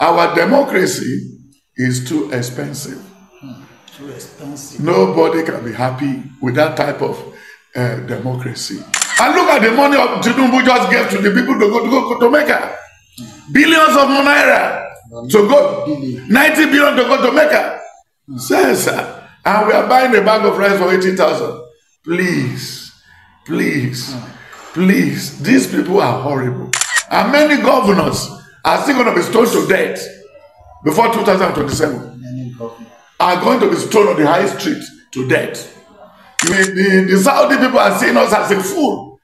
Our democracy is too expensive. too expensive. Nobody can be happy with that type of uh, democracy. And look at the money of Tinubu just gave to the people to go to, go, to Jamaica. Billions of naira to go, billion. 90 billion to go to Jamaica, sir, sir. and we are buying a bag of rice for 18,000. Please, please, please. These people are horrible. And many governors are still going to be stoned to death before 2027 are going to be stoned on the high street to death. The, the, the Saudi people are seeing us as a fool.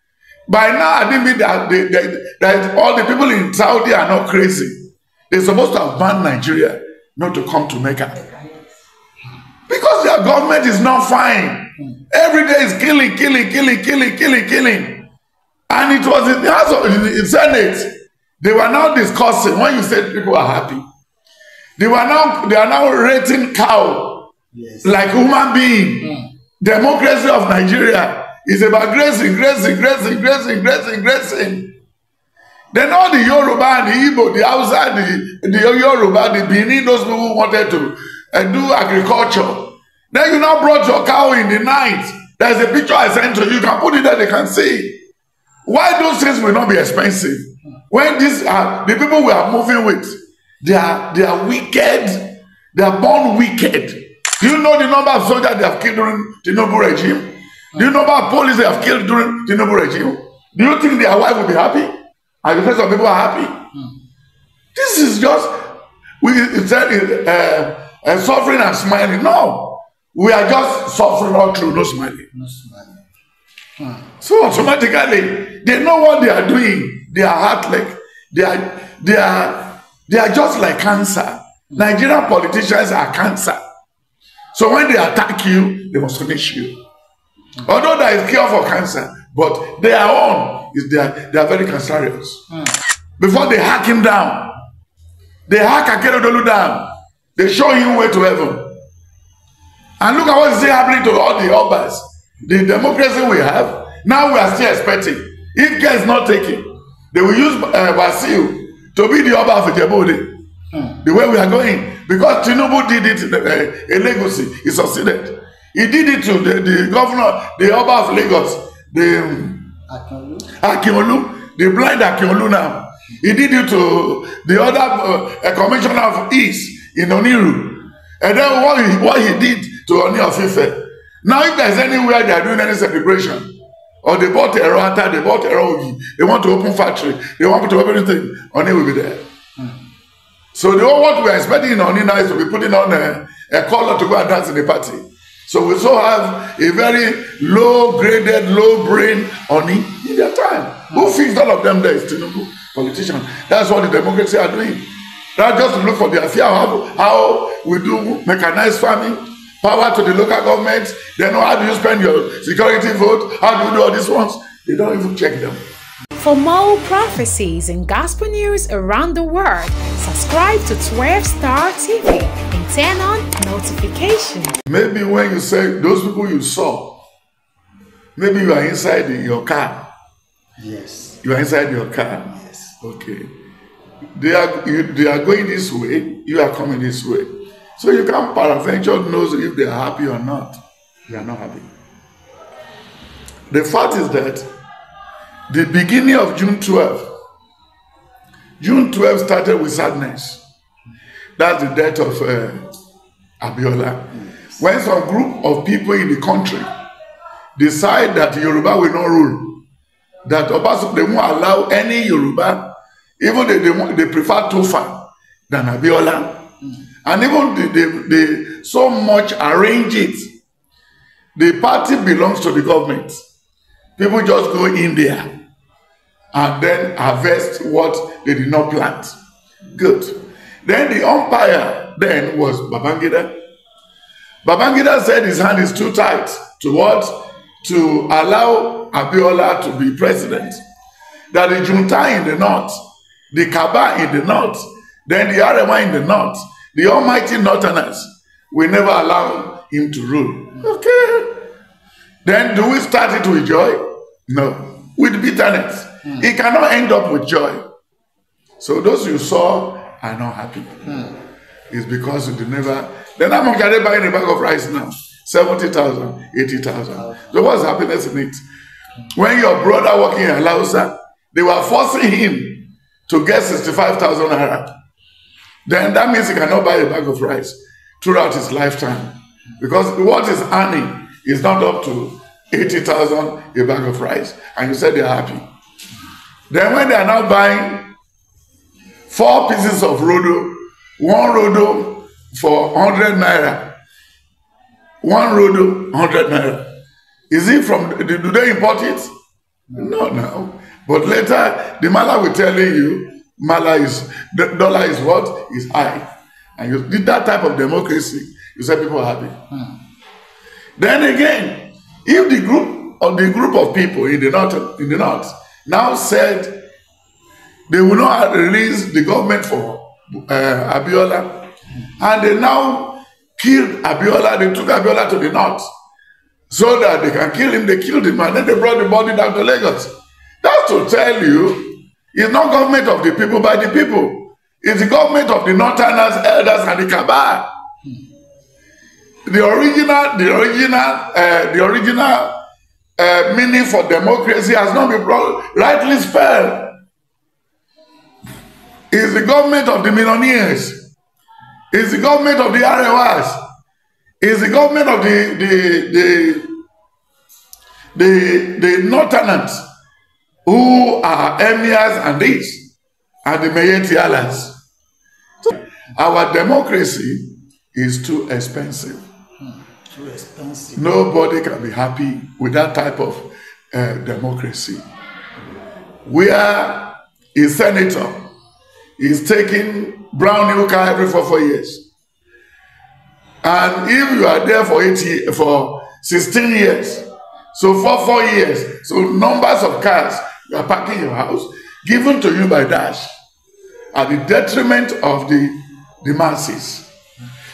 By now, I didn't mean that, they, they, that all the people in Saudi are not crazy. They're supposed to have banned Nigeria not to come to Mecca. Because their government is not fine. Every day is killing, killing, killing, killing, killing, killing. And it was in the House of the Senate They were now discussing when you said people are happy. They were now they are now rating cow yes. like human being. Mm. Democracy of Nigeria is about grazing, grazing, grazing, grazing, grazing, grazing. Then all the Yoruba and the Igbo, the Hausa, the, the Yoruba, the Benin, those people wanted to uh, do agriculture. Then you now brought your cow in the night. There's a picture I sent to you. You can put it there, they can see. Why those things will not be expensive? when these are uh, the people we are moving with they are they are wicked they are born wicked do you know the number of soldiers they have killed during the tinubu regime do you know about police they have killed during the tinubu regime do you think their wife will be happy i dey say some people are happy mm. this is just we said uh, uh, suffering and smiling no we are just suffering all through no smiling, no smiling. Hmm. so automatically they know what they are doing They are heartless. they are they are they are just like cancer. Nigerian politicians are cancer. So when they attack you, they must finish you. Although there is cure for cancer, but their own is they are, they are very cancerous. Mm. Before they hack him down, they hack Akeredolu down. They show him way to heaven. And look at what is happening to all the others. The democracy we have, now we are still expecting. If care is not taking. They will use uh, Wasiu to be the Oba of Ijebode. Hmm. The way we are going. Because Tinubu did it in uh, Lagos, he succeeded. He did it to the, the governor, the Oba of Lagos, the um, Akiolu, the blind Akiolu now. He did it to the other uh, commissioner of East in Oniru. And then what he, what he did to Oni of Now, if there's anywhere they are doing any celebration, or they bought a rata, they bought a rogi, they want to open factory, they want to open anything, Oni will be there. So the whole what we're expecting in Oni now is to be putting on a, a collar to go and dance in the party. So we still have a very low graded, low brain Oni in their time. Who fixed all of them there is Tinubu politician. That's what the democracy are doing. Not just look for their fear how, how we do mechanized farming power to the local government. They know how do you spend your security vote, how do you do all these ones. They don't even check them. For more prophecies and gospel news around the world, subscribe to 12 Star TV and turn on notifications. Maybe when you say those people you saw, maybe you are inside your car. Yes. You are inside your car. Yes. Okay. They are, you, they are going this way, you are coming this way. So you can't paraventure knows if they are happy or not. They are not happy. The fact is that the beginning of June 12, June 12 started with sadness. That's the death of uh, Abiola. Yes. When some group of people in the country decide that Yoruba will not rule, that Obasanjo they won't allow any Yoruba, even if they, they, they prefer Tofa than Abiola, And even they, they, they so much arrange it. The party belongs to the government. People just go in there and then harvest what they did not plant. Good. Then the umpire then was Babangida. Babangida said his hand is too tight to what? To allow Abiola to be president. That the junta in the north, the Kaba in the north, then the Arewa in the north, The almighty northerners will never allow him to rule. Okay. Then do we start it with joy? No. With bitterness. Mm. It cannot end up with joy. So those you saw are not happy. Mm. It's because you never. Then I'm much are they a bag of rice now? 70,000, 80,000. So what's happiness in it? When your brother working in Alausa, they were forcing him to get 65,000 naira then that means he cannot buy a bag of rice throughout his lifetime. Because what is earning is not up to 80,000 a bag of rice. And you said they're happy. Then when they are now buying four pieces of rodo, one rodo for 100 naira, one rodo, 100 naira. Is it from, do they import it? No, no. But later, the mala will tell you Mala is dollar is what is high, and you did that type of democracy. You say people are happy. Hmm. Then again, if the group or the group of people in the north in the north now said they will not release the government for uh, Abiola, and they now killed Abiola. They took Abiola to the north so that they can kill him. They killed him, and then they brought the body down to Lagos. That's to tell you It's not government of the people by the people. It's the government of the Northerners, elders, and the cabal. The original, the original, uh, the original uh, meaning for democracy has not been rightly spelled. It's the government of the millionaires. It's the government of the Arewas. It's the government of the the the the, the, the Northerners who are emirs and this and the Mayeti Islands. Our democracy is too expensive. too expensive. Nobody can be happy with that type of uh, democracy. Where a senator is taking brown new car every four, four years. And if you are there for 80, for 16 years, so for four years, so numbers of cars You are packing your house, given to you by Dash, at the detriment of the, the masses.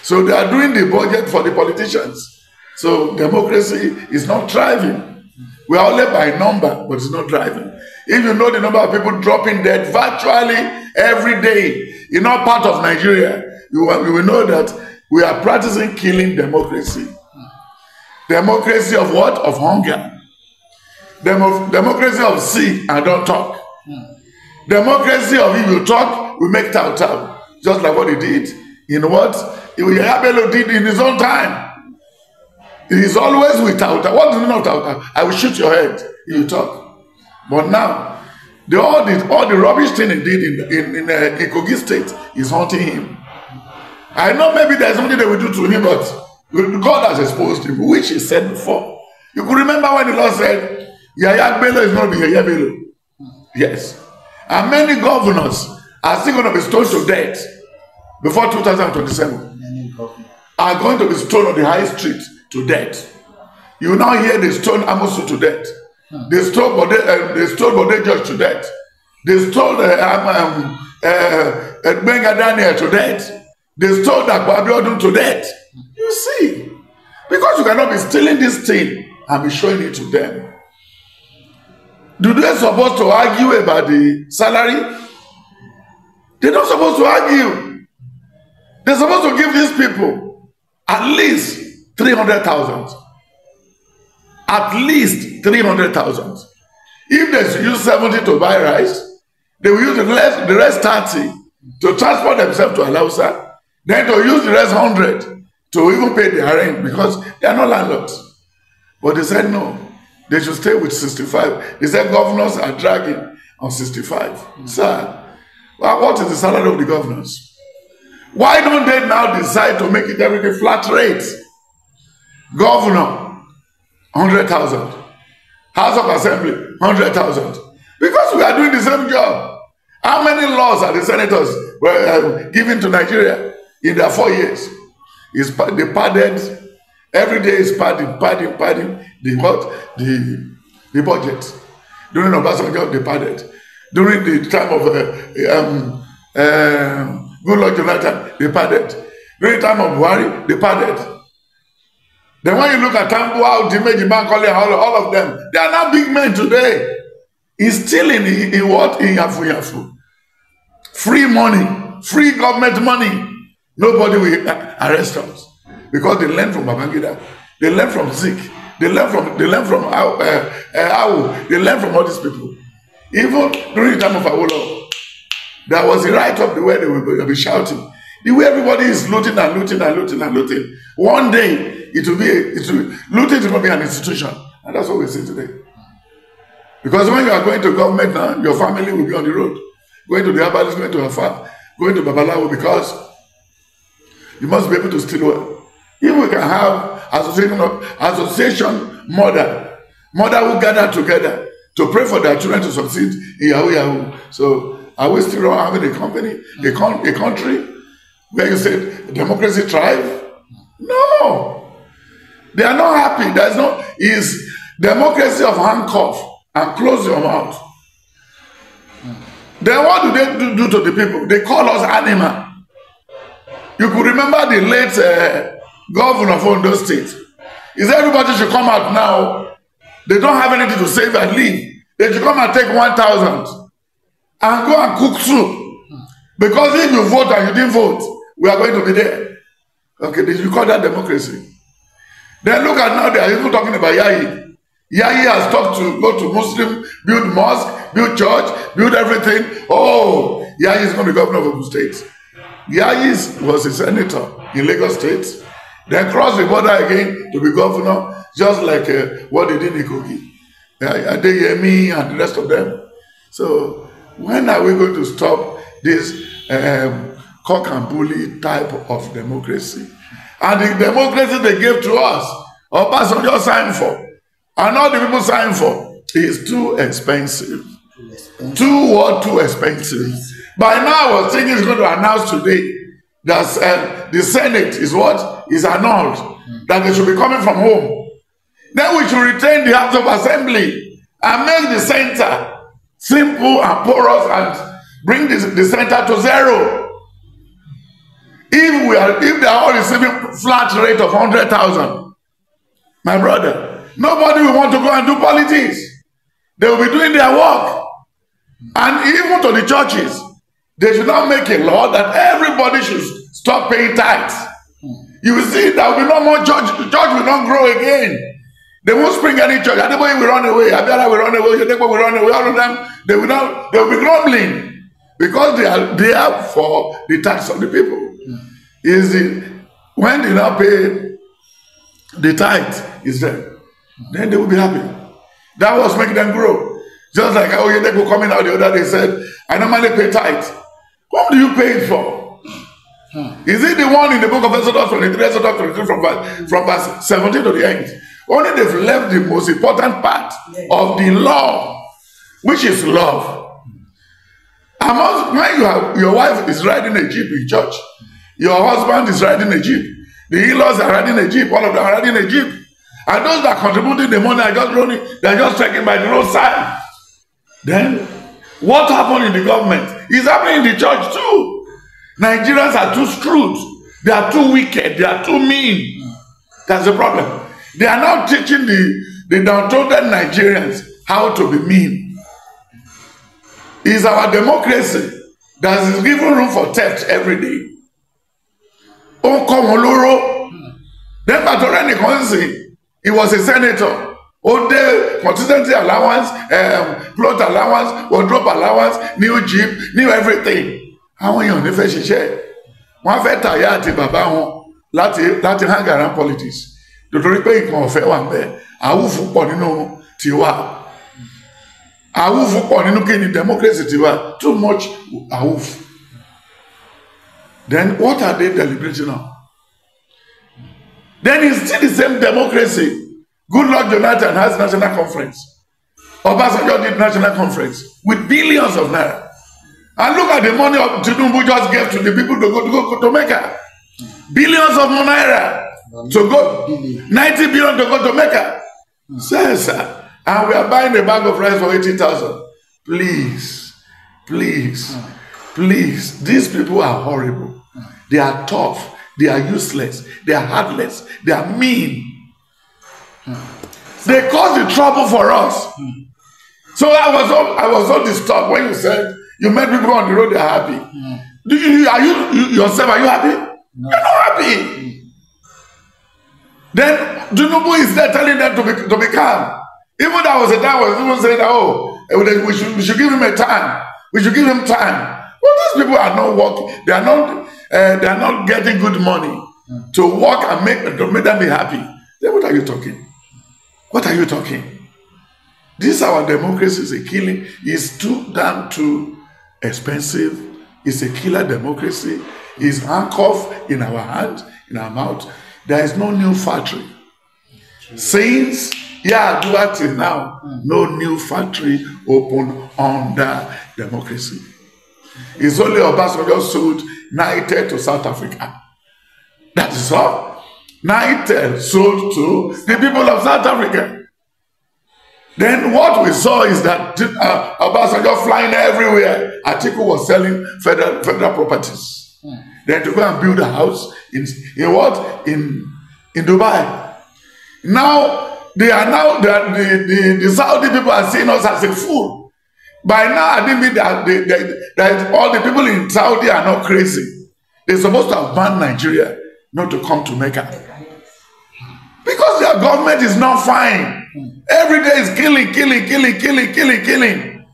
So they are doing the budget for the politicians. So democracy is not thriving. We are only by number, but it's not thriving. If you know the number of people dropping dead virtually every day in all part of Nigeria, you will, you will know that we are practicing killing democracy. Democracy of what? Of hunger. Demo democracy of see and don't talk. Mm. Democracy of if you talk, we make tau tau. Just like what he did in what Yahya did in his own time. He is always with tau tau. What do you know tau tau? I will shoot your head if you talk. But now, the, all, the, all the rubbish thing he did in, in, in, uh, in Kogi State is haunting him. I know maybe there's something they will do to him, but God has exposed him, which he said before. You could remember when the Lord said, Yaya Bello is not Yaya Bello. Yes. And many governors are still going to be stoned to death before 2027. Are going to be stoned on the high street to death. You now hear they stone Amosu to death. They stole Bode, uh, they stole Bode George to death. They stole uh, um, um, uh, Edmenga Daniel to death. They stole Dagba to death. You see, because you cannot be stealing this thing and be showing it to them do they supposed to argue about the salary? They're not supposed to argue. They're supposed to give these people at least three hundred thousand. At least three hundred thousand. If they use seventy to buy rice, they will use the rest, the rest 30 to transport themselves to Alausa, then to use the rest hundred to even pay the rent because they are no landlords. But they said no. They should stay with 65. They said governors are dragging on 65. Mm-hmm. Sir, well, what is the salary of the governors? Why don't they now decide to make it every flat rate? Governor, 100,000. House of Assembly, 100,000. Because we are doing the same job. How many laws are the senators were, uh, um, giving to Nigeria in their four years? Is the padded Every day is padding, padding, padding the what? The, the budget. During Obasanjo, they padded. During the time of uh, um, uh, Goodluck Jonathan, they padded. During the time of Buhari, they padded. Then when you look at how Dimeji, Bankole, all, all of them, they are not big men today. He's still in, in, in what? In Yafu Yafu. Free money, free government money. Nobody will arrest us. because they learned from Babangida, they learned from Zeke, they learned from they learn from Awu, uh, uh, they learned from all these people. Even during the time of Awolowo, there was the right of the way they will be shouting. The way everybody is looting and looting and looting and looting. One day it will be a, it will looting will be an institution, and that's what we see today. Because when you are going to government now, your family will be on the road, going to the herbalist, going to her farm, going to Babalawo, because you must be able to steal well. If we can have association of, association mother, mother who gather together to pray for their children to succeed in Yahoo Yahoo. So are we still having a company, a, con- a country where you said democracy thrive? No. They are not happy. There's no is democracy of handcuff and close your mouth. Then what do they do, do to the people? They call us animal. You could remember the late uh, governor of Ondo State. Is everybody should come out now. They don't have anything to save and leave. They should come and take 1,000 and go and cook soup. Because if you vote and you didn't vote, we are going to be there. Okay, you call that democracy. Then look at now, they are even talking about Yayi. Yayi has talked to go to Muslim, build mosque, build church, build everything. Oh, Yayi is going to be governor of Ogun State. Yayi was a senator in Lagos State. Then cross the border again to be governor, just like uh, what they did in Kogi. Uh, Adeyemi and the rest of them. So when are we going to stop this um, cock and bully type of democracy? And the democracy they gave to us, or just signed for, and all the people signed for, is too expensive. Too what? Too expensive. By now, I was thinking it's going to announce today that uh, the Senate is what is annulled, that they should be coming from home. Then we should retain the House of Assembly and make the center simple and porous and bring the, the center to zero. If we are, if they are all receiving flat rate of hundred thousand, my brother, nobody will want to go and do politics. They will be doing their work, and even to the churches. They should not make a law that everybody should stop paying tithes. You will see there will be no more church. Judge will not grow again. They won't spring any church. Anybody will run away. Abiara will run away. Yedekwa will run away. All of them, they will not. They will be grumbling because they are there for the tax of the people. Is it when they now pay the tithe? Is there? Then they will be happy. That was making them grow. Just like you we're coming out the other day said, I normally pay tithe. Whom do you pay it for? Hmm. Is it the one in the book of Exodus 23, Exodus 23 from verse, from verse 17 to the end? Only they've left the most important part of the law, which is love. Among when you have, your wife is riding a jeep in church, your husband is riding a jeep, the in-laws are riding a jeep, all of them are riding a jeep. And those that contributing the money are just running, they're just checking by the roadside. Then, what happened in the government is happening in the church too. Nigerians are too screwed. They are too wicked. They are too mean. That's the problem. They are now teaching the, the downtrodden Nigerians how to be mean. It's our democracy that is giving room for theft every day. Ó ń kọ́ wọn lóró. Nígbà tó rẹ́ he was a senator ó dé consistency allowance um, plot allowance wardrobe allowance new jeep new everything àwọn èèyàn nífẹ̀ẹ́ ṣiṣẹ́ wọ́n fẹ́ tàyà àti bàbá wọn láti láti hang around politics nítorí pé nǹkan ọ̀fẹ́ wà ńbẹ̀ àwùfù pọ̀ nínú tiwa àwùfù pọ̀ nínú kí ni democracy tiwa too much àwùfù then what are they deliberating on then it's still the same democracy Good Lord Jonathan has national conference. Obasanjo did national conference with billions of naira. And look at the money of Tinubu just gave to the people to go to, go, to Mecca. Billions of naira to go, 90 billion to go to Mecca. Sir, sir, and we are buying a bag of rice for 80,000. Please, please, please, these people are horrible. They are tough. They are useless. They are heartless. They are mean. Mm. They cause the trouble for us. Mm. So I was so I was so disturbed when you said you met people on the road they're happy. Mm. Do you, are you, you yourself are you happy? No. You're not happy. Then Dunubu is there telling them to be to be calm. Even that was a time was even saying that oh eh, we should, we should give him a time. We should give him time. Well, these people are not working. They are not uh, they are not getting good money mm. to work and make to make them be happy. Then what are you talking? What are you talking? This our democracy is a killing. It's too damn too expensive. It's a killer democracy. It's handcuffed in our hand, in our mouth. There is no new factory. Since yeah, do that till now, no new factory open under democracy. It's only Obasanjo sold United to South Africa. That is all. Nitel sold to the people of South Africa. Then what we saw is that uh, Obasanjo flying everywhere. Atiku was selling federal, federal properties. Mm. Then to go and build a house in, in what? In, in Dubai. Now, they are now, they the, the, the Saudi people are seeing us as a fool. By now, I didn't mean that, they, they, that all the people in Saudi are not crazy. They're supposed to have banned Nigeria not to come to Mecca. Because their government is not fine. Every day is killing, killing, killing, killing, killing, killing.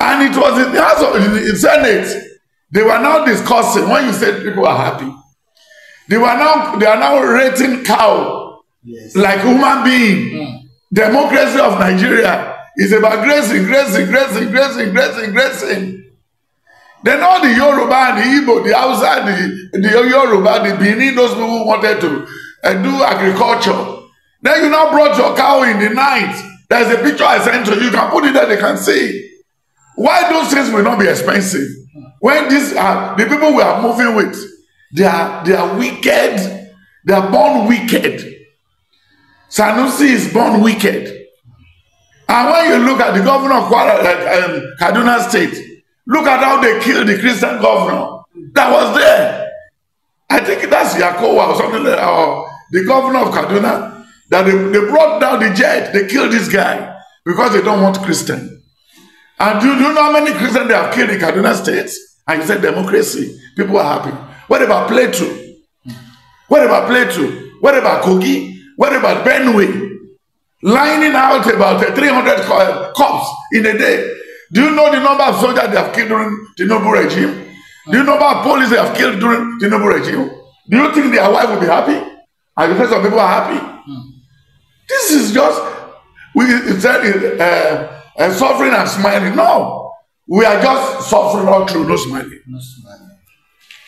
And it was in the House of the Senate. They were now discussing when you said people are happy. They were now they are now rating cow yes. like human being. Mm. Democracy of Nigeria is about grazing, grazing, grazing, grazing, grazing, grazing. Then all the Yoruba and the Igbo, the Hausa, the, the Yoruba, the Benin, those people wanted to uh, do agriculture. Then you now brought your cow in the night. There's a picture I sent to you. You can put it there, they can see. Why those things will not be expensive? When these are uh, the people we are moving with, they are they are wicked, they are born wicked. Sanusi is born wicked. And when you look at the governor of like, um, Kaduna State, Look at how they killed the Christian governor that was there. I think that's Yakowa or something like that, or the governor of Kaduna. That they, they brought down the jet, they killed this guy because they don't want Christian. And do, do you know how many Christians they have killed in Kaduna states? And you said democracy. People are happy. What about Plato? What about Plato? What about Kogi? What about Benue? Lining out about 300 uh, cops in a day. Do you know the number of soldiers they have killed during the Nobu regime? Do you know about police they have killed during the Nobu regime? Do you think their wife will be happy? I think some people are happy. Mm. This is just we said uh, uh, suffering and smiling. No, we are just suffering all through, no smiling. No smiling.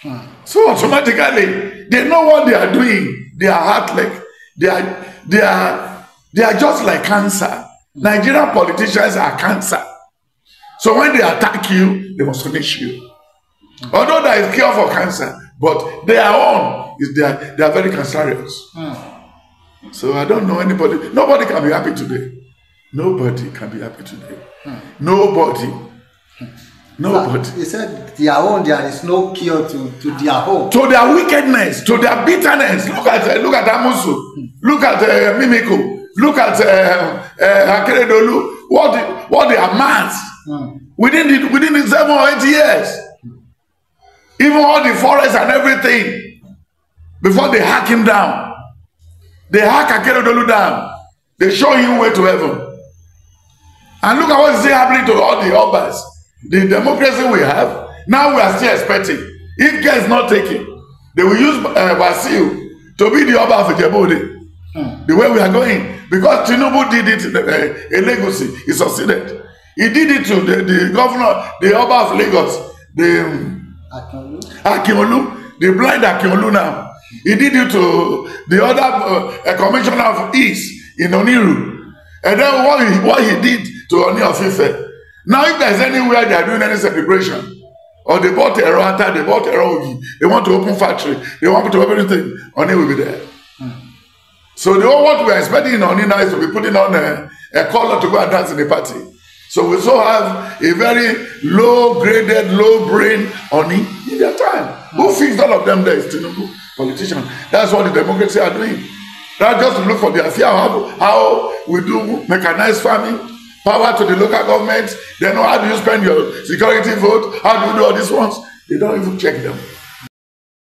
Mm. So automatically, they know what they are doing. They are heartless. They are they are they are just like cancer. Mm. Nigerian politicians are cancer. So when they attack you, they must finish you. Although there is cure for cancer, but their own is they are, they are very cancerous. Hmm. So I don't know anybody. Nobody can be happy today. Nobody can be happy today. Hmm. Nobody. Nobody. He said their own there is no cure to, to their own. To their wickedness, to their bitterness. Look at uh, look at Amusu. Hmm. Look at uh, Mimiko. Look at uh, uh, Akeredolu. What what they amassed within the within the seven or eight years even all the forest and everything before they hack him down they hack akeredolu down they show him way to heaven and look at what is happening to all the others the democracy we have now we are still expecting if care is not taken they will use uh, basil to be the oba of ijebode hmm. the way we are going because tinubu did it uh, legacy he succeeded He did it to the, the governor, the Oba of Lagos, the um, the blind Akiolu now. He did it to the other uh, commissioner of East in Oniru. And then what he, what he did to Oni of Now, if there's anywhere they are doing any celebration, or they bought Ero Ata, they bought Ero Ogi, they want to open factory, they want to open anything, Oni will be there. Hmm. So the whole what we are expecting in Oni now is to be putting on a, a collar to go and dance in the party. So we still have a very low graded, low brain on in their time. Who fixed all of them there is Tinubu politician. That's what the democracy are doing. That just look for their fear how, how we do mechanized farming, power to the local government. They know how do you spend your security vote, how do you do all these ones. They don't even check them.